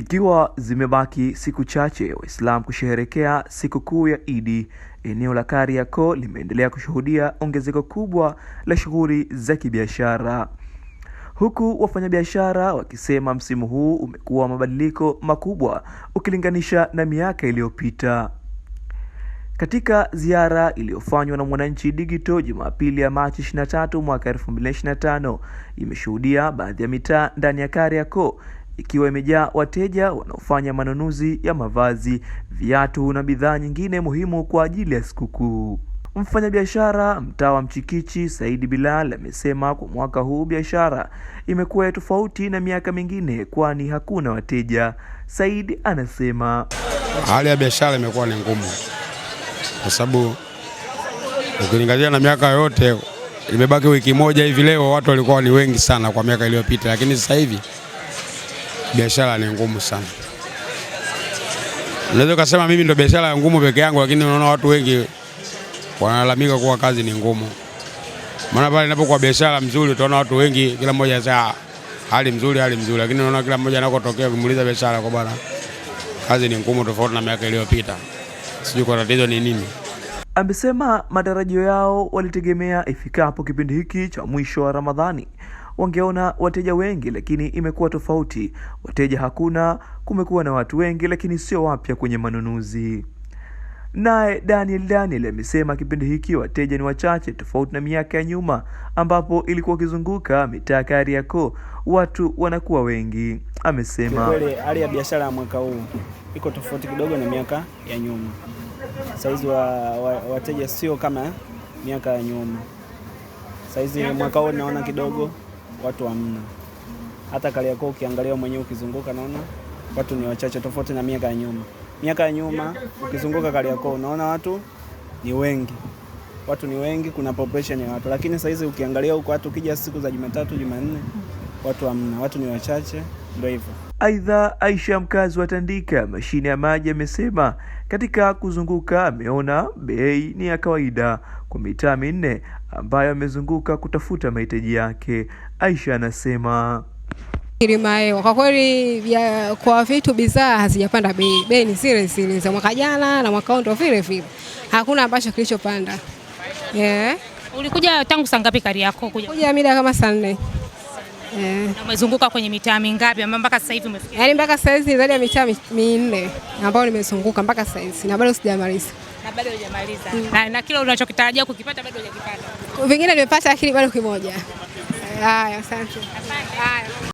Ikiwa zimebaki siku chache Waislamu kusherehekea sikukuu ya Idi, eneo la Kariakoo limeendelea kushuhudia ongezeko kubwa la shughuli za kibiashara, huku wafanyabiashara wakisema msimu huu umekuwa mabadiliko makubwa ukilinganisha na miaka iliyopita. Katika ziara iliyofanywa na Mwananchi Digital Jumapili ya Machi 23 mwaka 2025, imeshuhudia baadhi ya mitaa ndani ya Kariakoo ikiwa imejaa wateja wanaofanya manunuzi ya mavazi, viatu na bidhaa nyingine muhimu kwa ajili ya sikukuu. Mfanyabiashara mtaa wa Mchikichi Saidi Bilal amesema kwa mwaka huu biashara imekuwa tofauti na miaka mingine kwani hakuna wateja. Saidi anasema hali ya biashara imekuwa ni ngumu, kwa sababu ukilinganisha na miaka yote, imebaki wiki moja hivi leo, watu walikuwa ni wengi sana kwa miaka iliyopita, lakini sasa hivi biashara ni ngumu sana. Unaweza ukasema mimi ndo biashara ya ngumu peke yangu, lakini unaona watu wengi wanalalamika kuwa kazi ni ngumu. Maana pale inapokuwa biashara mzuri, utaona watu wengi, kila mmoja saa ah, hali mzuri, hali mzuri, lakini unaona kila mmoja anakotokea ukimuuliza biashara kwa bwana, kazi ni ngumu, tofauti na miaka iliyopita. Sijui kwa tatizo ni nini. Amesema matarajio yao walitegemea ifikapo kipindi hiki cha mwisho wa Ramadhani wangeona wateja wengi, lakini imekuwa tofauti. Wateja hakuna, kumekuwa na watu wengi, lakini sio wapya kwenye manunuzi. Naye Daniel Daniel amesema kipindi hiki wateja ni wachache tofauti na miaka ya nyuma ambapo ilikuwa ikizunguka mitaa Kariakoo watu wanakuwa wengi. Amesema hali ya biashara ya mwaka huu iko tofauti kidogo na miaka ya nyuma. Saizi wa, wa, wateja sio kama miaka ya nyuma. Saizi mwaka huu naona kidogo watu hamna. Hata Kariakoo ukiangalia mwenyewe ukizunguka, naona watu ni wachache, tofauti na miaka ya nyuma. Miaka ya nyuma ukizunguka Kariakoo unaona watu ni wengi, watu ni wengi, kuna population ya watu. Lakini sasa hizi ukiangalia huko watu, ukija siku za Jumatatu, Jumanne, watu hamna, watu ni wachache ndio hivyo. Aidha, Aisha mkazi wa Tandika mashine ya maji amesema katika kuzunguka ameona bei ni ya kawaida kwa mitaa minne ambayo amezunguka kutafuta mahitaji yake. Aisha anasema Kilimaeo kwa kweli, kwa vitu bidhaa hazijapanda bei, bei ni zile zile za mwaka jana na mwaka huu vile vile, hakuna ambacho kilichopanda. Yeah. Ulikuja tangu saa ngapi yako? Kuja mida kama saa nne. Eh. Na umezunguka kwenye mitaa mingapi mpaka sasa hivi umefikia? Yaani mpaka sasa hivi zaidi ya mitaa minne ambayo nimezunguka mpaka sasa hivi na bado sijamaliza. Na bado hujamaliza. Mm. Na, na kile unachokitarajia kukipata bado hujakipata. Vingine nimepata lakini bado kimoja. Haya, asante. Asante. Haya.